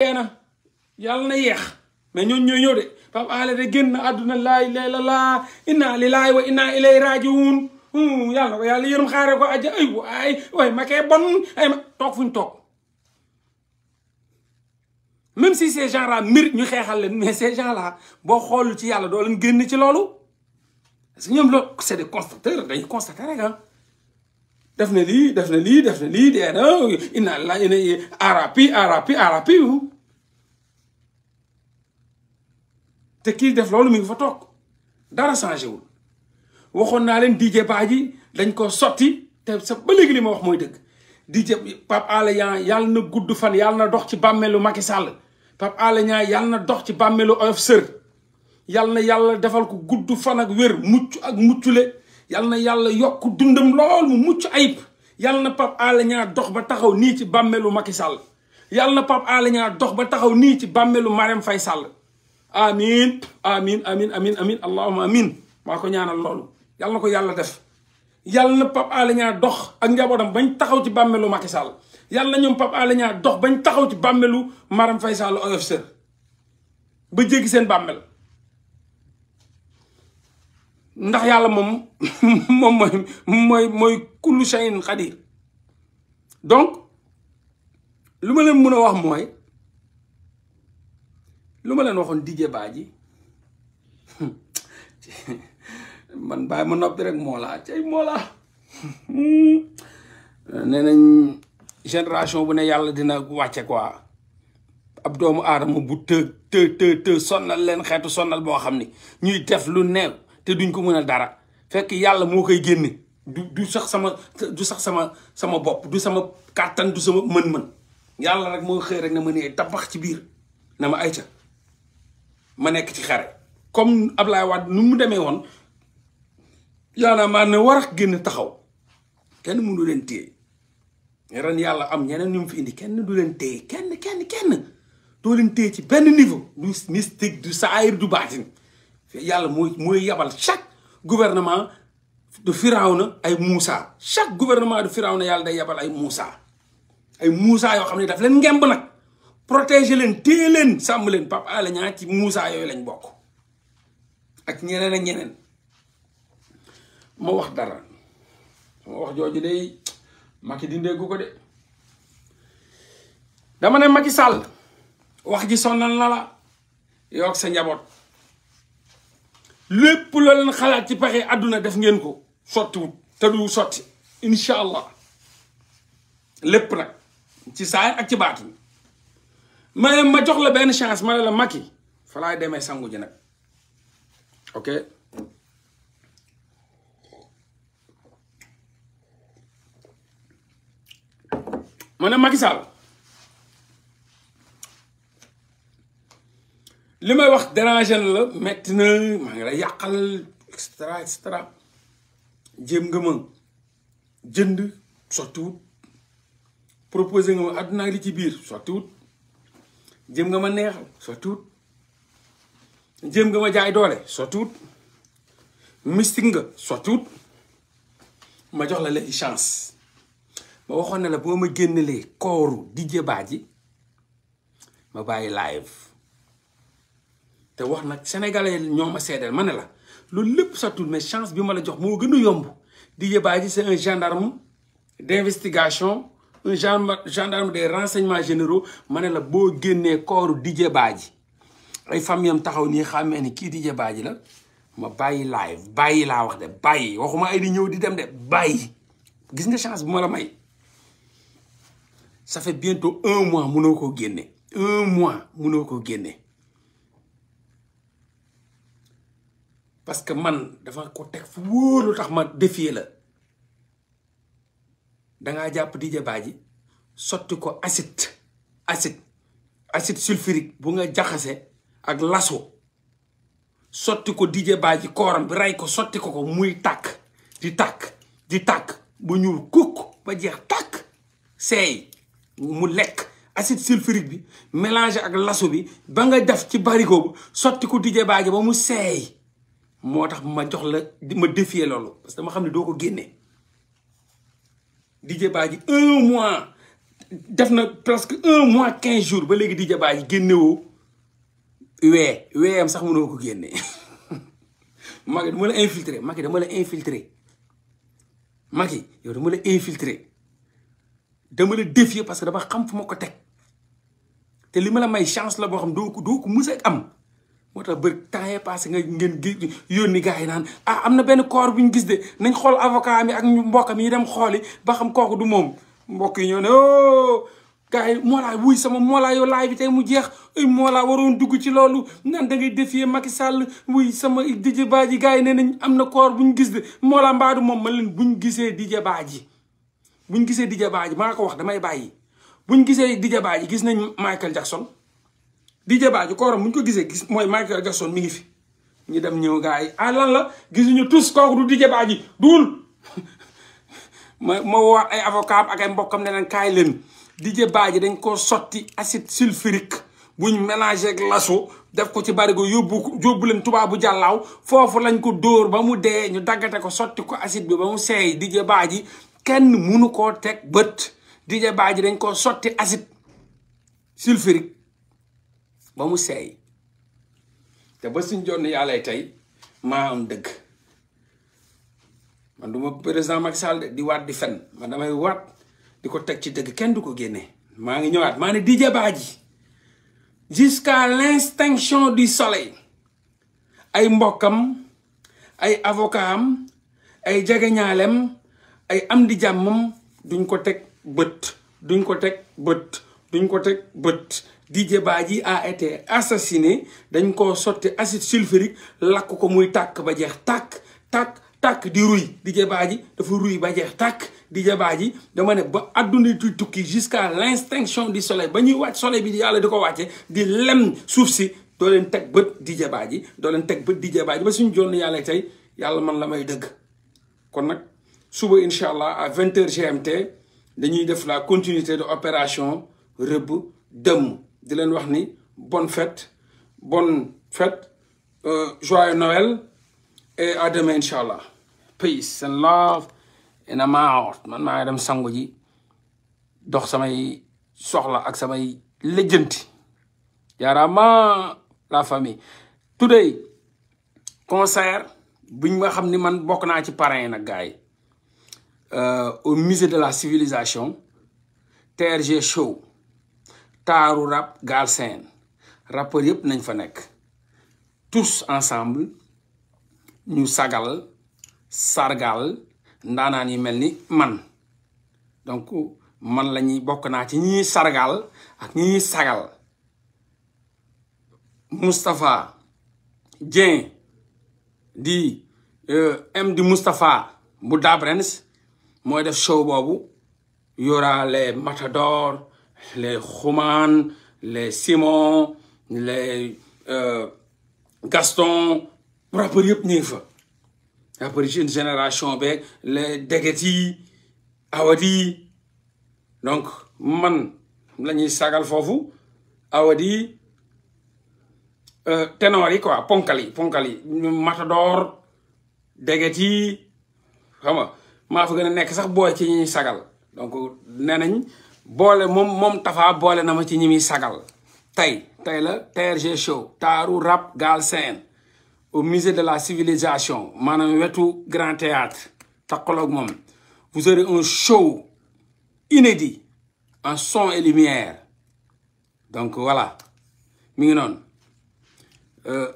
na yàlla na yeex mais ñun ñoo ñëw de Pape Alé de génn àdduna laa ilaaha illallaah inna lillaahi wa inna ilayhi raaji'uun yàlla ko yàlla yërëm xaare ko aja ay waay waay ma kee bon ay ma toog fu ñu toog même si ces gens là mérite ñu xeexal leen mais ces gens là boo xool ci yàlla doo leen génn ci loolu parce que ñoom loolu c'est des constateurs dañuy constater rek ah def na lii def na lii def na lii dee na inna la ina arapi arapi arapi te kii def loolu mi ngi fa toog dara changé wul waxoon naa leen DJ Badji dañ ko sotti te sa ba léegi li ma wax mooy dëgg DJ Pape Alé Niang yàlla na gudd fan yàlla na dox ci bàmmeelu Macky Sall Pape Alé Niang yàlla na dox ci bàmmeelu oyof sër yàlla na yàlla defal ko gudd fan ak wér mucc ak muccule yal na yàlla yokk dundam lool mu mucc ayib yal na Pape Alé Niang dox ba taxaw nii ci bàmmeelu Macky Sall yal na Pape Alé Niang dox ba taxaw nii ci bàmmeelu Marème Faye Sall amin amin amin amin amin allahuma amin maa ko ñaanal loolu yal na ko yàlla def yal na Pape Alé Niang dox ak njabootam bañ taxaw ci bàmmeelu Macky Sall na ñoom Pape Alé dox bañ taxaw ci bàmmeelu Marème fay Sall OFC ba jéggi seen bàmmeel ndax yàlla moom moom mooy mooy mooy kullu shay'in donc lu ma leen mën a wax mooy lu ma leen waxoon Didier Badji man bàyyi ma noppi rek moolaa cay moolaa nee nañ génération bu ne yàlla dina wàcce quoi ab doomu aadama bu të të të të sonnal leen xeetu sonnal boo xam ni ñuy def lu neew te duñ ko mën a dara fekk yàlla moo koy génne du du sax sama du sax sama sama bopp du sama kàttan du sama mën-mën yàlla rek moo xëy rek na ma nee tabax ci biir na ma ayca ma nekk ci xare comme Ablaye Wade nu mu demee woon yaanaa maa ne war a génn taxaw kenn mënu leen téye ren yàlla am ñeneen ñu fi indi kenn du leen téye kenn kenn kenn doo leen téye ci benn niveau du mystique du saayir du baatin yàlla muy mooy yabal chaque gouvernement de na ay Moussa chaque gouvernement de na yàlla day yabal ay Moussa ay Moussa yoo xam ne daf leen ngemb nag protéger leen téye leen sàmm leen Pape Alé Niang ci Moussa yooyu lañ bokk ak ñeneen ak ñeneen ma wax dara ma wax jooju day Macky dindeegu ko de dama ne Macky Sall wax ji sonnal na la yook sa njaboot lépp loo leen xalaat ci paxe àdduna def ngeen ko sottiwut te du sotti incha allah lépp nag ci saayir ak ci baatin ma ne ma jox la benn chance ma ne la Macky fa laay demee sangu ji nag ok ma ne Macky Sall li may wax déranger la metti na maa ngi lay yàqal et cetera jéem nga ma jënd sottiwut proposé nga ma àdduna li ci biir sottiwut jéem nga ma neexal sottiwut jéem nga ma jaay doole sottiwut mystique nga sottiwut ma jox la léegi chance ma waxoon na la boo ma génnelee kooru Dj Badji ma bàyyi live te wax nak sénégalais ma mané la lool lépp satul mais chance bima la jox c'est un gendarme d'investigation un gendarme de renseignements généraux mané la bo génné kooru ay famiyam taxaw ni xamé ni la ma bayyi live bayyi la wax de bayyi waxuma ay di ñëw di dem de bayyi gis nga chance bima la may ça fait bientôt un mois munoo un mois munoo parce que man dafa ko teg fu wóor lu tax ma défier la dangaa jàpp Didier Badji sotti ko acide acide acide sulfurique bu nga jaxase ak laso sotti ko Didier Badji kooram bi rey ko sotti ko ko muy tàkk di tàkk di tàkk bu ñuul kukk ba jeex tàkk seey mu lekk acide sulfurique bi mélangé ak lasu bi ba nga def ci barigo bu sotti ko Didier Badji ba mu seey moo tax ma jox la ma défier loolu parce que dama xam ne doo ko génne di Badji def na presque mois quinze jours ba léegi Didier Badji génnewoo wee weeyam sax mënoo ko génne Macky dama la infiltré Macky dama la infiltré Macky yow dama la infiltré dama la défier parce que dama xam fu ma ko teg te li ma la may chance la boo xam doo ko doo ko mus am moo tax bëri temps yee nga ngeen gi yónni gars yi naan ah am na benn koor bu ñu gis de nañ xool avocat mi ak mbokkam yi dem xooli ba xam kooku du moom mbokk yi ñoo ne oh gars yi Mollah sama Mollah laay bi tey mu jeex eh, Mollah waroon dugg ci loolu nan da ngay défier Macky Sall wuy sama Didier Badji gars yi nee nañ am na koor bu ñu gis de Mollah mbaadu moom man leen bu ñu gisee Didier Badji bu ñu gisee Didier Badji maa ko wax damay bàyyi bu ñu gisee Didier Badji gis nañ Michael Jackson. DJ Badji kooram bu ñu ko gisee gis mooy Michael Jackson mi ngi fi ñu dem ñëw gars yi ah la gisuñu tous kooku du DJ Badji duul ma ma woo ay avocat ak mbokkam ne leen kaay leen DJ Badji dañ koo sotti acide sulfurique buñ mélangé ak def ko ci barigo yóbbu yóbbu leen jàllaaw foofu lañ ko dóor ba mu dee ñu daggate ko sotti ko acide bi ba mu seey DJ Badji kenn munu koo teg bët DJ Badji dañ ko sotti acide sulfurique ba mu seey te ba suñ jonn yàllay tey maa am dëgg man du ma président Macky Sall di waat di fen man damay waat di ko teg ci dëgg kenn du ko génne maa ngi ñëwaat maa ne Didier Badji jusqu'à l'extinction du soleil ay mbokkam ay avocat am ay jegeñaalem ay am di jàmmam duñ ko teg bët duñ ko teg bët duñ ko teg bët Didier Badji a été assassiné dañ ko sotti acide sulfurique lakk ko muy tàkk ba jeex tak, tak, tak di ruy Didier Badji dafa ruy ba jeex tak Didier Badji dama ne ba adduna tukki jusqu'à l'extinction du soleil ba ñuy wàcc soleil bi yalla di ko wàcce di lem soufsi do len tek ba bët Didier Badji do len tek ba Didier Badji ba suñu jonn yalla tay yalla man lamay deug kon nak suba inshallah à 20h GMT dañuy def la continuité de opération rëbb dëmm di leen wax ni bonne fête bonne fête euh, joyeux Noël et à demain inshallah. peace and love and I'm out man ma dem sangu ji dox samay soxla ak samay lëjjanti yarama la famille today concert buñ nga xam ni man bokk na ci parrain yi gaay euh, au musée de la civilisation TRG show taru rap sen rappeur yep nañ fa nek tous ensemble ñu sagal sargal ndaanaan melni man donc man lañuy bok na ci ñi sargal ak ñi sagal mustafa jen di euh, m di Mustafa, bu Dabrens moy def show bobu yora les matadors les Roman, les Simon, les euh, Gaston, les une génération les Degeti Awadi donc man la sagal pour Awadi Euh, tenori quoi Matador Degeti comment, ma fa sagal donc bolé mom mom Tafa bolé na ma ci ñimi sagal Tay, tay la TRG show taru rap sen au musée de la civilisation manam wetu grand théâtre taqaloog mom vous aurez un show inédit en son et lumière donc voilà mi ngi noonu euh,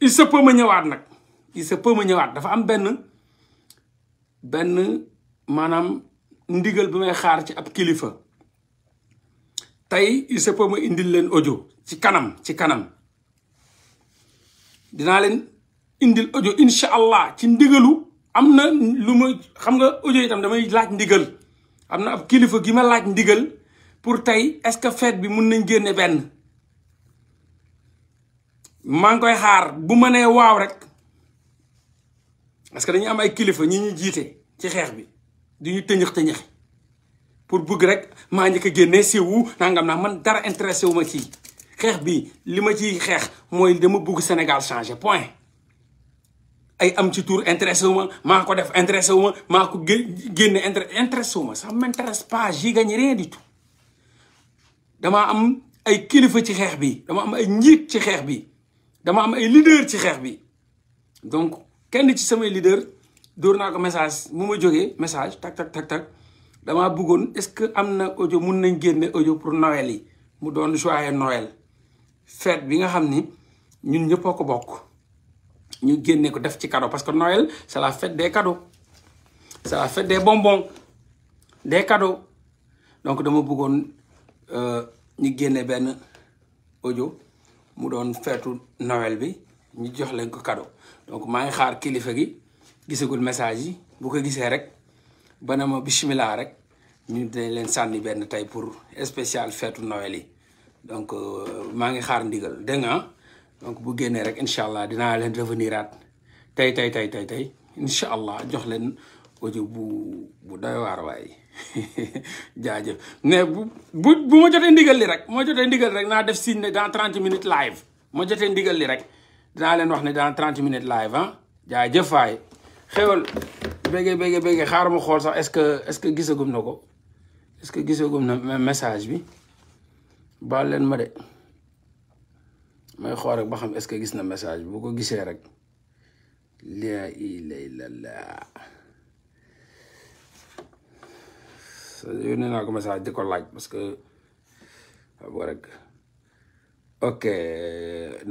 il se peut ma ñëwaat nak il se peut ma ñëwaat dafa am ben ben manam. ndigal bu may xaar ci ab kilifa tay il se peut ma indil len audio ci kanam ci kanam dina len indil audio inshallah allah ci ndigalu amna na lu ma xam nga audio itam damay laaj ndigal amna ab kilifa gi ma laaj ndigal pour tay est ce que fête bi mën nañ génne ben maa xaar bu mané waw rek est ce que dañu am ay kilifa ñi ñi jité ci xex bi di ñu tëñëx tëñëx pour bugg rek maa njëkk a génnee siiwu nangam naa man dara intéressé wu ma ci xeex bi li ma ciy xeex mooy dama bugg Sénégal changé point ay am ci tour intéressé wu ma maa ko def intéressé wu ma maa ko génne intéressé wu ma ça m'intéresse pas j'y gagne rien du tout damaa am ay kilifa ci xeex bi dama am ay njiit ci xeex bi dama am ay leader ci xeex bi donc kenn ci samay leader dóor naa ko message mu ma jógee message tak tak tak tak damaa bëggoon est-ce que am na audio mun nañ génne audio pour Noël yi mu doon joyeux nowel fête bi nga xam ni ñun ñëpp a ko bokk ñu génne ko def ci cadeau parce que Noël c'est la fête des des bonbons des cadeaux donc dama bëggoon euh, ñu génne benn audio mu doon feetu Noël bi ñu jox leen ko cadeau donc maa ngi xaar kilifa gi. gisagul message yi bu ko gisee rek ba na ma bismillah rek ñu dañ leen sànni benn tey pour spécial feetu Noël yi donc euh, maa ngi xaar ndigal dégg nga donc bu génnee rek incha allah dinaa leen reveniraat tey tey tey tey tey incha allah jox leen audio bu bu doy waar waay jaajëf mais bu bu bu ma jotee ndigal li rek moo jotee ndigal rek naa def signe ne dans trente minutes live moo jotee ndigal li rek dinaa leen wax ne dans trente minutes live ah jaajëf xéwal bége bége bége xaar ma xool sax est-ce que est-ce que gisagum na ko est-ce que gisagum na message bi ba leen ma de may xool rek ba xam est-ce que gis na message bi bu ko gisee rek laa ilaha illallah yónnee naa ko message di ko laaj parce que xam rek ok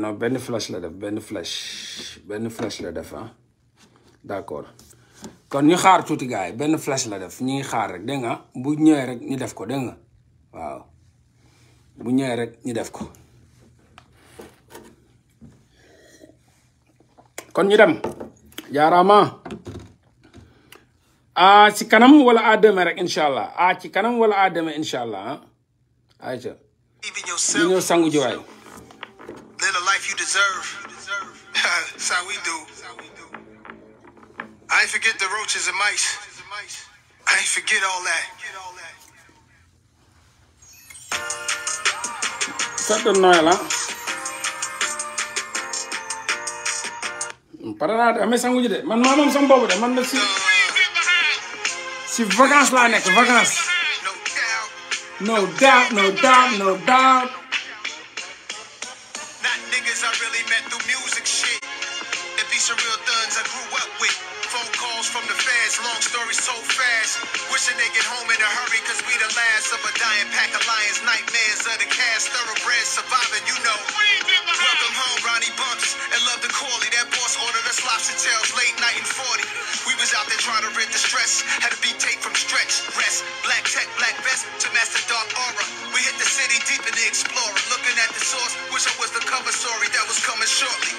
non benn flash la def benn flash benn flash la def ah. d'accord kon ñu xaar tuuti gaay yi benn flash la def ñuy xaar rek dégg nga bu ñëwee rek ñu def ko dégg nga waaw bu ñëwee rek ñu def ko kon ñu dem jaarama a ci kanam wala a deme rek incha allah a ci kanam wala a deme incha allah ah ayca ñu ñëw sangu ji waay Live a life you deserve. You deserve. we That's how we do. ain't forget the roaches and mice. I ain't forget all that. Saturnaala pare naa de amee sangu ji de man maa moom sama boobu de man nag si si vacance laa nekk vacance no doubt no doubt no doubt. Not niggas I really met through music shit. Some real thuns I grew up with. Phone calls from the fans, long stories so fast. Wishing they get home in a hurry, cause we the last of a dying pack of lions. Nightmares of the cast, thoroughbred surviving, you know. Welcome home, Ronnie Bumps, and love the Corley. That boss ordered us lobster tails late night in 40. We was out there trying to rid the stress. Had to be take from stretch, rest. Black tech, black vest to master dark aura. We hit the city deep in the explorer. Looking at the source, wish I was the cover story that was coming shortly.